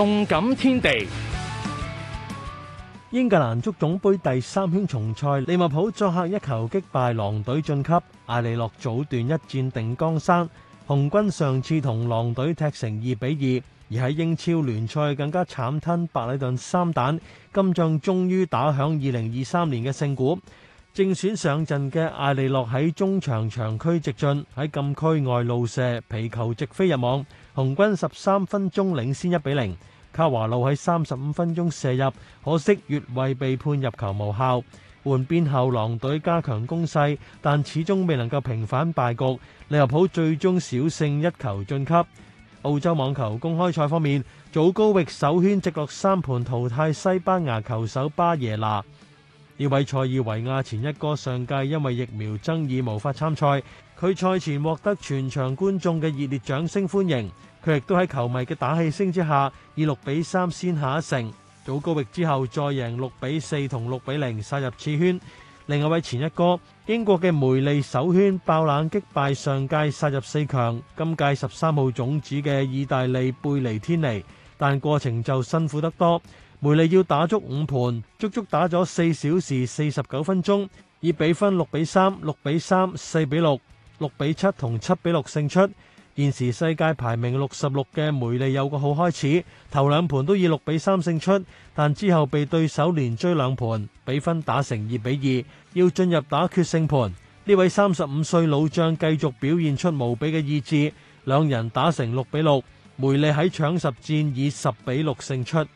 動感天地，英格蘭足總盃第三圈重賽，利物浦作客一球擊敗狼隊晉級。艾利洛早段一箭定江山，紅軍上次同狼隊踢成二比二，而喺英超聯賽更加慘吞白禮頓三蛋，今仗終於打響二零二三年嘅勝鼓。正選上陣嘅艾利洛喺中場長驅直進，喺禁區外怒射，皮球直飛入網，紅軍十三分鐘領先一比零。卡華路喺三十五分鐘射入，可惜越位被判入球無效。換邊後狼隊加強攻勢，但始終未能夠平反敗局。利物浦最終小勝一球晉級。澳洲網球公開賽方面，早高域首圈直落三盤淘汰西班牙球手巴耶拿。呢位塞爾維亞前一哥上屆因為疫苗爭議無法參賽，佢賽前獲得全場觀眾嘅熱烈掌聲歡迎。佢亦都喺球迷嘅打氣聲之下，以六比三先下一城，祖高域之後再贏六比四同六比零殺入次圈。另一位前一哥，英國嘅梅利首圈爆冷擊敗上屆殺入四強，今屆十三號種子嘅意大利貝尼天尼，但過程就辛苦得多。梅利要打足五盤，足足打咗四小時四十九分鐘，以比分六比三、六比三、四比六、六比七同七比六勝出。現時世界排名六十六嘅梅利有個好開始，頭兩盤都以六比三勝出，但之後被對手連追兩盤，比分打成二比二，要進入打決勝盤。呢位三十五歲老將繼續表現出無比嘅意志，兩人打成六比六，梅利喺搶十戰以十比六勝出。